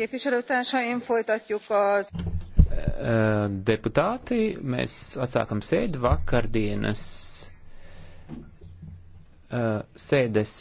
Képviselőtársaim, folytatjuk az... Deputāti, mēs atsākam sēdi vakardienas sēdes.